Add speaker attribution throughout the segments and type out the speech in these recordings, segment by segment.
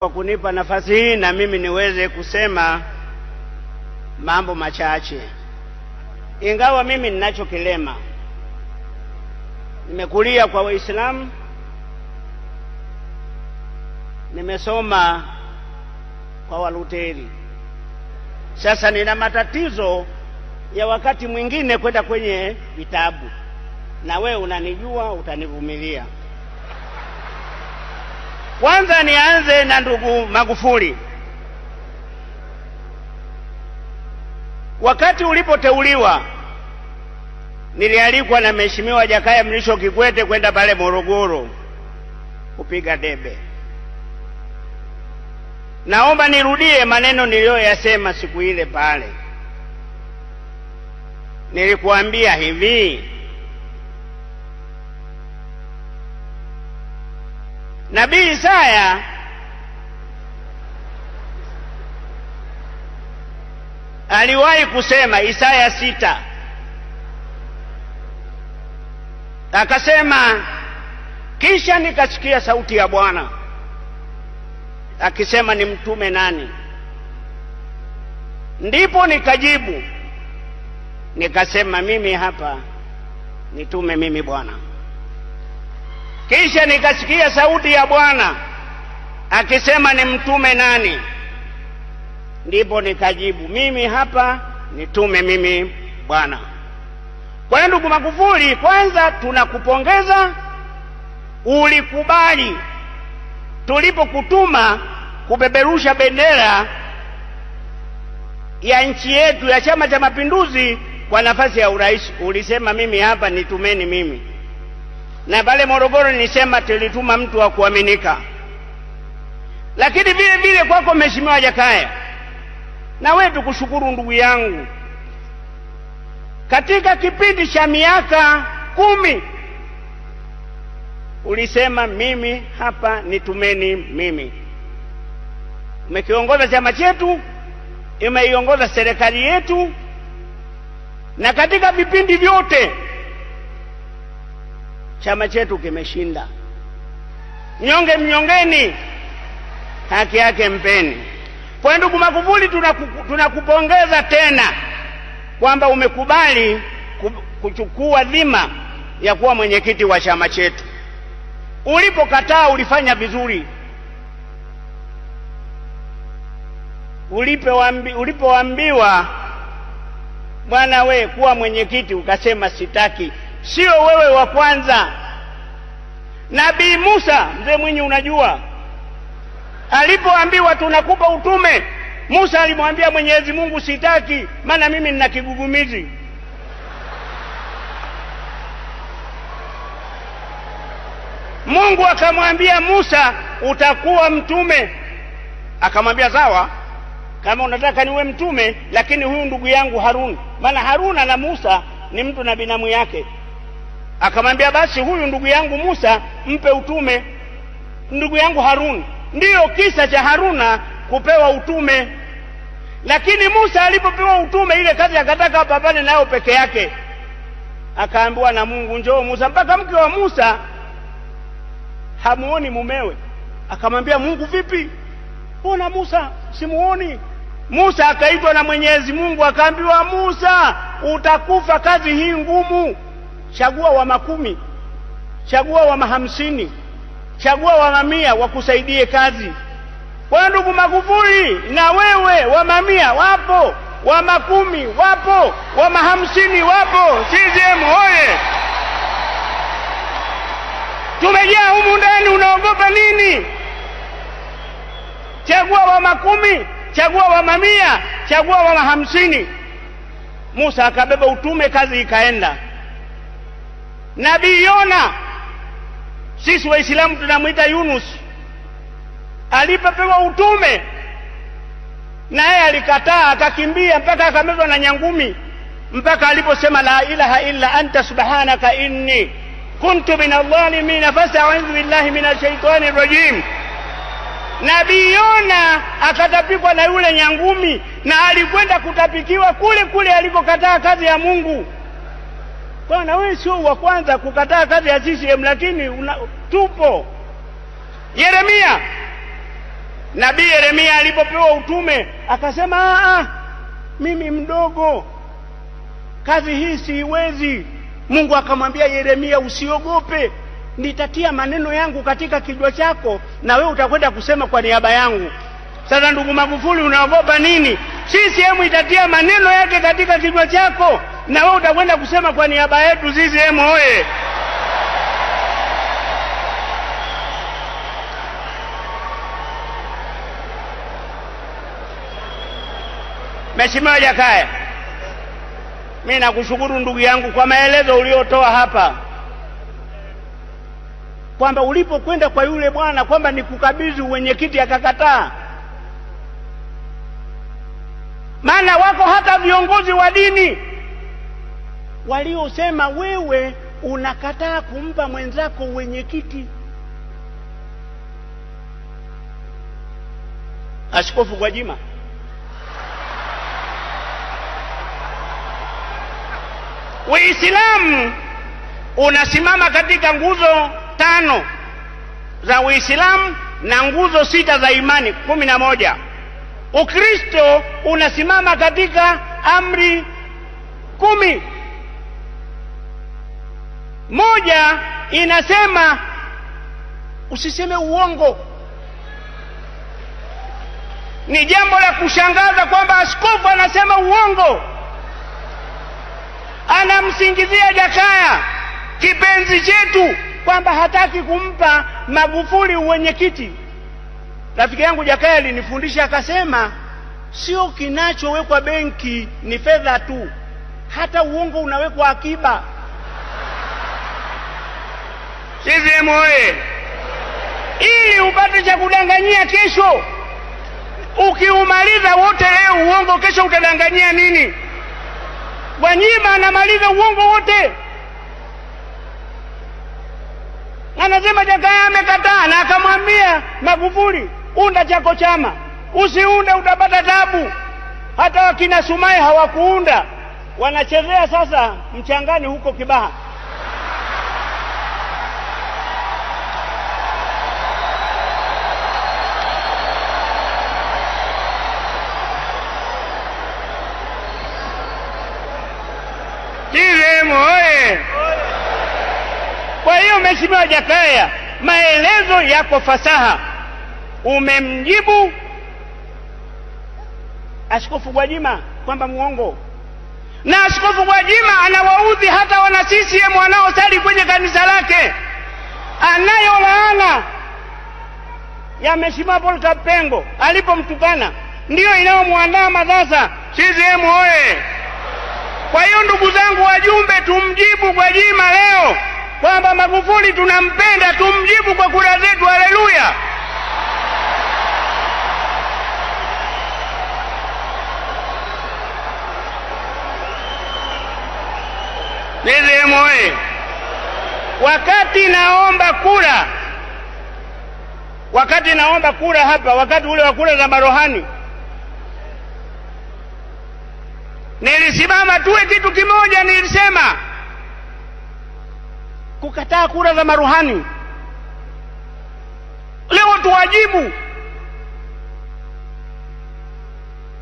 Speaker 1: Kwa kunipa nafasi hii na mimi niweze kusema mambo machache, ingawa mimi ninacho kilema. Nimekulia kwa Waislamu, nimesoma kwa Waluteri. Sasa nina matatizo ya wakati mwingine kwenda kwenye vitabu, na we unanijua, utanivumilia. Kwanza nianze na ndugu Magufuli. Wakati ulipoteuliwa nilialikwa na Mheshimiwa Jakaya Mrisho Kikwete kwenda pale Morogoro kupiga debe. Naomba nirudie maneno niliyoyasema siku ile pale. Nilikuambia hivi, Nabii Isaya aliwahi kusema, Isaya sita, akasema kisha nikasikia sauti ya Bwana akisema nimtume nani? Ndipo nikajibu nikasema, mimi hapa, nitume mimi Bwana. Kisha nikasikia sauti ya Bwana akisema, nimtume nani? Ndipo nikajibu, mimi hapa, nitume mimi Bwana. Kwa hiyo, ndugu Magufuli, kwanza tunakupongeza, ulikubali tulipokutuma kupeperusha bendera ya nchi yetu ya Chama cha Mapinduzi kwa nafasi ya urais. Ulisema mimi hapa, nitumeni mimi na pale Morogoro nilisema tulituma mtu wa kuaminika, lakini vile vile kwako Mheshimiwa Jakaya, na wewe tukushukuru ndugu yangu, katika kipindi cha miaka kumi ulisema mimi hapa nitumeni mimi. Umekiongoza chama chetu, umeiongoza serikali yetu, na katika vipindi vyote chama chetu kimeshinda. Mnyonge mnyongeni, haki yake mpeni. Kwa ndugu Magufuli, tunakupongeza tuna tena kwamba umekubali kuchukua dhima ya kuwa mwenyekiti wa chama chetu. Ulipokataa ulifanya vizuri. Ulipoambiwa bwana we kuwa mwenyekiti, ukasema sitaki, sio wewe wa kwanza. Nabii Musa, mzee Mwinyi, unajua alipoambiwa tunakupa utume, Musa alimwambia Mwenyezi Mungu, sitaki, maana mimi nina kigugumizi. Mungu akamwambia Musa, utakuwa mtume. Akamwambia sawa, kama unataka niwe mtume, lakini huyu ndugu yangu Harun, maana harun na Musa ni mtu na binamu yake akamwambia basi huyu ndugu yangu Musa mpe utume, ndugu yangu Harun. Ndiyo kisa cha Haruna kupewa utume, lakini Musa alipopewa utume ile kazi akataka apambane nayo peke yake, akaambiwa na Mungu, njoo Musa. Mpaka mke wa Musa hamuoni mumewe, akamwambia Mungu, vipi, mbona Musa simuoni? Musa akaitwa na Mwenyezi Mungu akaambiwa, Musa, utakufa kazi hii ngumu chagua wa makumi, chagua wa mahamsini, chagua wa mamia wakusaidie kazi. Kwa ndugu Magufuli, na wewe wa mamia wapo, wa makumi wapo, wa mahamsini wapo. CCM oye! Tumejaa humu ndani, unaogopa nini? Chagua wa makumi, chagua wa mamia, chagua wa mahamsini. Musa akabeba utume, kazi ikaenda. Nabii Yona sisi Waislamu tunamwita Yunus, alipopewa utume na yeye alikataa, akakimbia mpaka akamezwa na nyangumi, mpaka aliposema la ilaha illa anta subhanaka inni kuntu min adh-dhalimin, fastaudhu billahi min ashaitani rajim. Nabii Yona akatapikwa na yule nyangumi, na alikwenda kutapikiwa kule kule alipokataa kazi ya Mungu. Na wewe sio wa kwanza kukataa kazi ya CCM, lakini una, tupo. Yeremia, nabii Yeremia alipopewa utume akasema, ah, ah mimi mdogo, kazi hii siiwezi. Mungu akamwambia Yeremia, usiogope, nitatia maneno yangu katika kijwa chako na wewe utakwenda kusema kwa niaba yangu. Sasa ndugu Magufuli, unaogopa nini? CCM itatia maneno yake katika kijwa chako na wewe utakwenda kusema kwa niaba yetu CCM eh, oye! Mheshimiwa Jakaya, mi nakushukuru ndugu yangu kwa maelezo uliotoa hapa kwamba ulipokwenda kwa yule bwana kwamba ni nikukabidhi uwenyekiti akakataa. Maana wako hata viongozi wa dini waliosema wewe unakataa kumpa mwenzako wenyekiti. Askofu Gwajima Uislamu unasimama katika nguzo tano za Uislamu na nguzo sita za imani kumi na moja. Ukristo unasimama katika amri kumi. Moja inasema usiseme uongo. Ni jambo la kushangaza kwamba askofu anasema uongo, anamsingizia Jakaya kipenzi chetu kwamba hataki kumpa Magufuli uwenyekiti. Rafiki yangu Jakaya alinifundisha akasema, sio kinachowekwa benki ni fedha tu, hata uongo unawekwa akiba. CCM oye! Ili upate cha kudanganyia kesho, ukiumaliza wote leo uongo, kesho utadanganyia nini? Gwajima anamaliza uongo wote, anasema Jakaya amekataa, na akamwambia Magufuli, unda chako chama, usiunde utapata tabu. Hata wakina Sumaye hawakuunda, wanachezea sasa mchangani huko Kibaha. hiyo Mheshimiwa Jakaya, maelezo yako fasaha, umemjibu Askofu Gwajima kwamba mwongo, na Askofu Gwajima anawaudhi hata wana CCM wanaosali kwenye kanisa lake, anayo laana ya Mheshimiwa Paul Kapengo alipomtukana, ndiyo inayomwandama sasa CCM oye! Kwa hiyo ndugu zangu wajumbe, tumjibu Gwajima leo kwamba Magufuli tunampenda, tumjibu kwa kura zetu. Haleluya! Nizemoye, wakati naomba kura, wakati naomba kura hapa, wakati ule wa kura za marohani, nilisimama tuwe kitu kimoja, nilisema kukataa kura za maruhani. Leo tuwajibu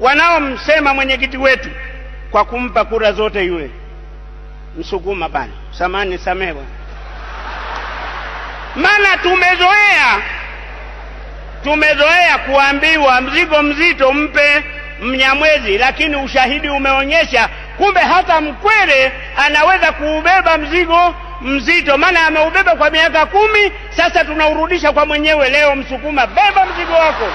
Speaker 1: wanaomsema mwenyekiti wetu kwa kumpa kura zote yule Msukuma bana, samani samewa, maana tumezoea tumezoea kuambiwa mzigo mzito mpe Mnyamwezi, lakini ushahidi umeonyesha kumbe hata mkwere anaweza kuubeba mzigo mzito, maana ameubeba kwa miaka kumi, sasa tunaurudisha kwa mwenyewe. Leo Msukuma, beba mzigo wako.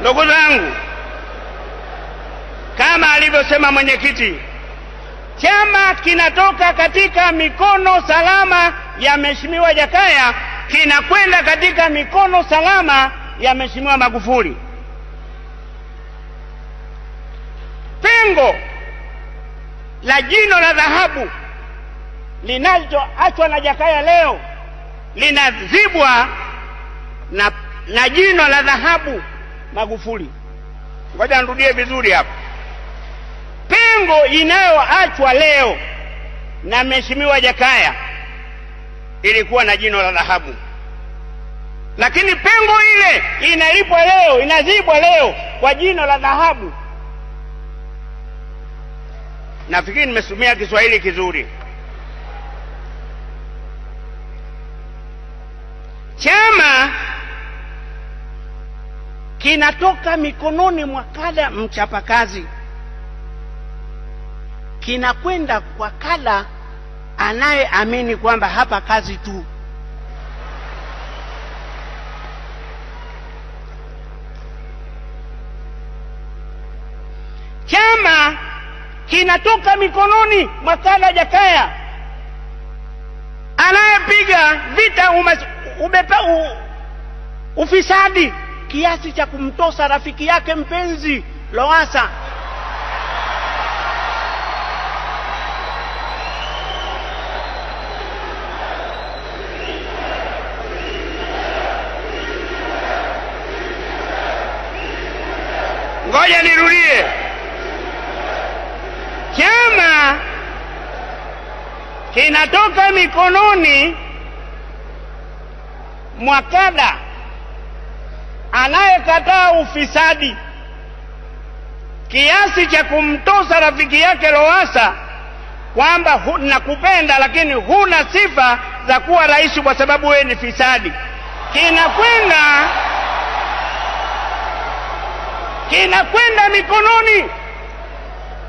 Speaker 1: Ndugu zangu, kama alivyosema mwenyekiti, chama kinatoka katika mikono salama ya Mheshimiwa Jakaya kinakwenda katika mikono salama ya Mheshimiwa Magufuli. Pengo la jino la dhahabu linachoachwa na Jakaya leo linazibwa na, na jino la dhahabu Magufuli. Ngoja nirudie vizuri hapa. Pengo inayoachwa leo na Mheshimiwa Jakaya ilikuwa na jino la dhahabu, lakini pengo ile inalipwa leo, inazibwa leo kwa jino la dhahabu. Nafikiri nimesumia Kiswahili kizuri. Chama kinatoka mikononi mwa kada mchapakazi kinakwenda kwa kada anayeamini kwamba hapa kazi tu. Chama kinatoka mikononi mwa Jakaya anayepiga vita umas, u, ufisadi kiasi cha kumtosa rafiki yake mpenzi Lowassa Ngoja nirudie, chama kinatoka mikononi mwa kada anayekataa ufisadi kiasi cha kumtosa rafiki yake Lowassa kwamba nakupenda, lakini huna sifa za kuwa rais kwa sababu wewe ni fisadi, kinakwenda inakwenda mikononi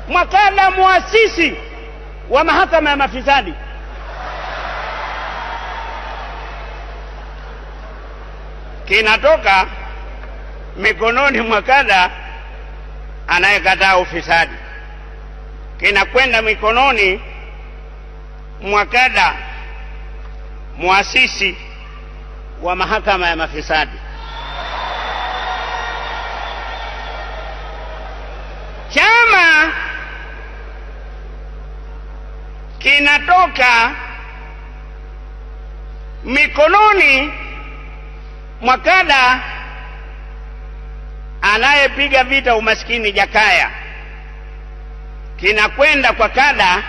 Speaker 1: mwa kala muasisi wa mahakama ya mafisadi. Kinatoka mikononi mwa kada anayekataa ufisadi, kinakwenda mikononi mwa kada muasisi wa mahakama ya mafisadi. chama kinatoka mikononi mwa kada anayepiga vita umaskini Jakaya, kinakwenda kwa kada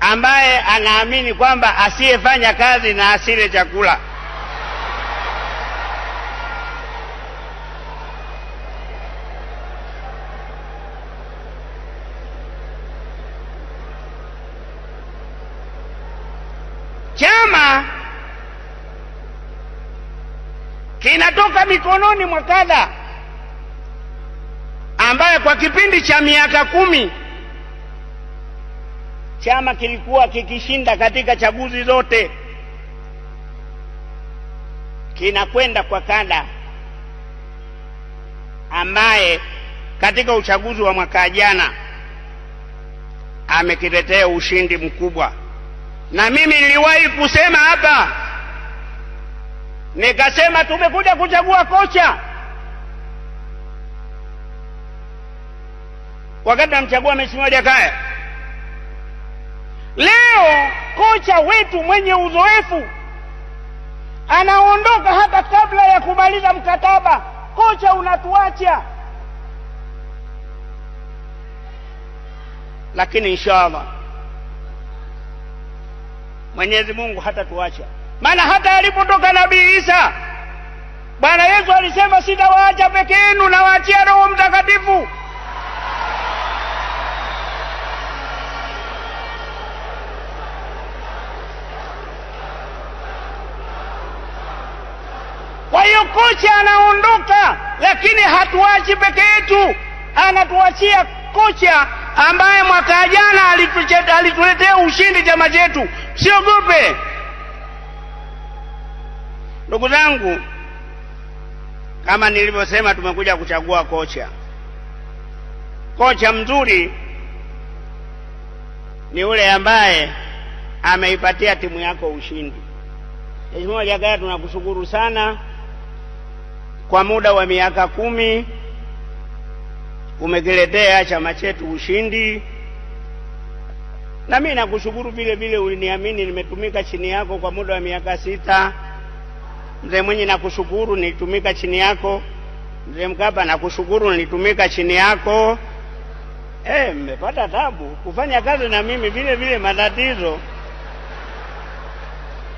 Speaker 1: ambaye anaamini kwamba asiyefanya kazi na asile chakula chama kinatoka mikononi mwa kada ambaye kwa kipindi cha miaka kumi chama kilikuwa kikishinda katika chaguzi zote, kinakwenda kwa kada ambaye katika uchaguzi wa mwaka jana amekitetea ushindi mkubwa na mimi niliwahi kusema hapa, nikasema tumekuja kuchagua kocha. Wakati namchagua Mheshimiwa Jakaya, leo kocha wetu mwenye uzoefu anaondoka hata kabla ya kumaliza mkataba. Kocha unatuacha, lakini insha Allah Mwenyezi Mungu hatatuacha, maana hata alipotoka Nabii Isa Bwana Yesu alisema, sitawaacha peke yenu, nawaachia Roho Mtakatifu. Kwa hiyo kocha anaondoka, lakini hatuachi peke yetu, anatuachia kocha ambaye mwaka jana alituletea ushindi chama chetu. Siogope ndugu zangu, kama nilivyosema, tumekuja kuchagua kocha. Kocha mzuri ni yule ambaye ameipatia timu yako ushindi. Mheshimiwa Jakaya, tunakushukuru sana kwa muda wa miaka kumi umekiletea chama chetu ushindi, na mimi nakushukuru vile vile, uliniamini nimetumika chini yako kwa muda wa miaka sita. Mzee Mwinyi nakushukuru, nilitumika chini yako. Mzee Mkapa nakushukuru, nilitumika chini yako. Eh, mmepata tabu kufanya kazi na mimi vile vile, matatizo.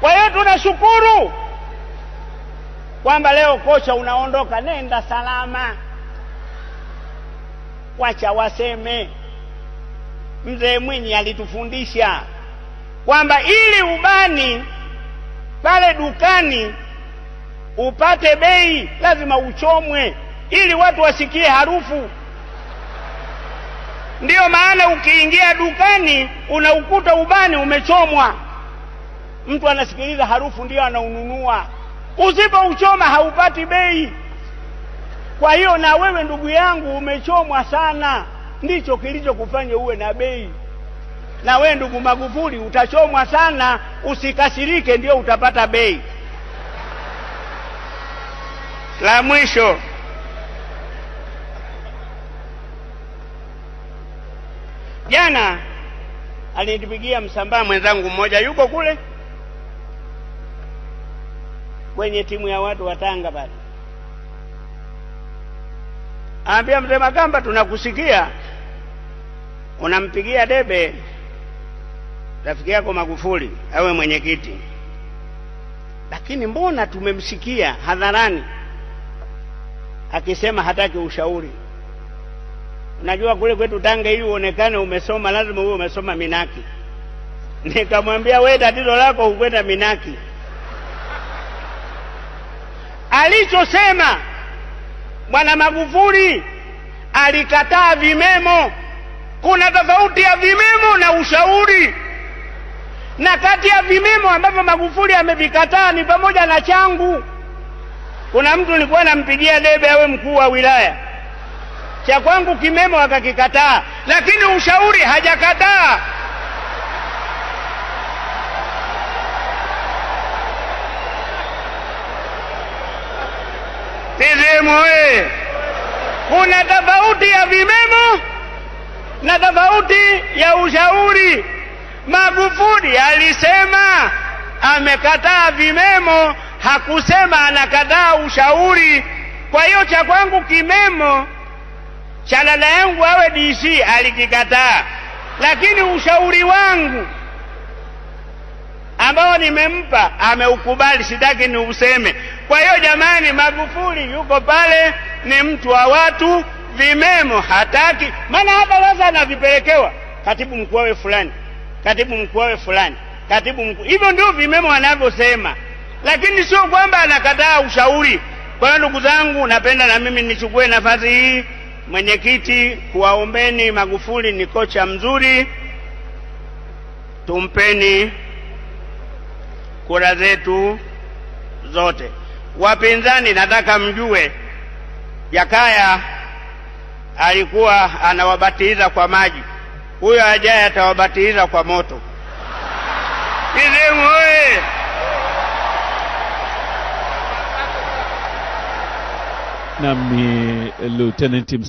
Speaker 1: Kwa hiyo tunashukuru kwamba leo kocha unaondoka, nenda salama wacha waseme. Mzee Mwinyi alitufundisha kwamba ili ubani pale dukani upate bei lazima uchomwe, ili watu wasikie harufu. Ndiyo maana ukiingia dukani unaukuta ubani umechomwa, mtu anasikiliza harufu ndiyo anaununua. Usipouchoma haupati bei. Kwa hiyo na wewe ndugu yangu umechomwa sana, ndicho kilichokufanya uwe na bei. Na wewe ndugu Magufuli utachomwa sana, usikasirike, ndio utapata bei. La mwisho jana alinipigia Msambaa mwenzangu mmoja, yuko kule kwenye timu ya watu wa Tanga pale Anambia mzee Makamba, tunakusikia unampigia debe rafiki yako Magufuli awe mwenyekiti, lakini mbona tumemsikia hadharani akisema hataki ushauri? Unajua kule kwetu Tanga ili uonekane umesoma lazima uwe umesoma Minaki. Nikamwambia we, tatizo lako hukwenda Minaki. Alichosema Bwana Magufuli alikataa vimemo. Kuna tofauti ya vimemo na ushauri, na kati ya vimemo ambavyo Magufuli amevikataa ni pamoja na changu. Kuna mtu nilikuwa nampigia debe awe mkuu wa wilaya, cha kwangu kimemo akakikataa, lakini ushauri hajakataa. CCM oye! Kuna tofauti ya vimemo na tofauti ya ushauri. Magufuli alisema amekataa vimemo, hakusema anakataa ushauri. Kwa hiyo cha kwangu kimemo cha dada yangu awe DC alikikataa, lakini ushauri wangu ambao nimempa ameukubali. Sitaki niuseme. Kwa hiyo jamani, Magufuli yuko pale, ni mtu wa watu, vimemo hataki. Maana hata sasa anavipelekewa katibu mkuu awe fulani, katibu mkuu wawe fulani, katibu mkuu. Hivyo ndio vimemo anavyosema, lakini sio kwamba anakataa ushauri. Kwa hiyo ndugu zangu, napenda na mimi nichukue nafasi hii, mwenyekiti, kuwaombeni. Magufuli ni kocha mzuri, tumpeni kura zetu zote. Wapinzani, nataka mjue, Jakaya alikuwa anawabatiza kwa maji, huyo ajaye atawabatiza kwa moto. Sisiemu oye! Nami Lieutenant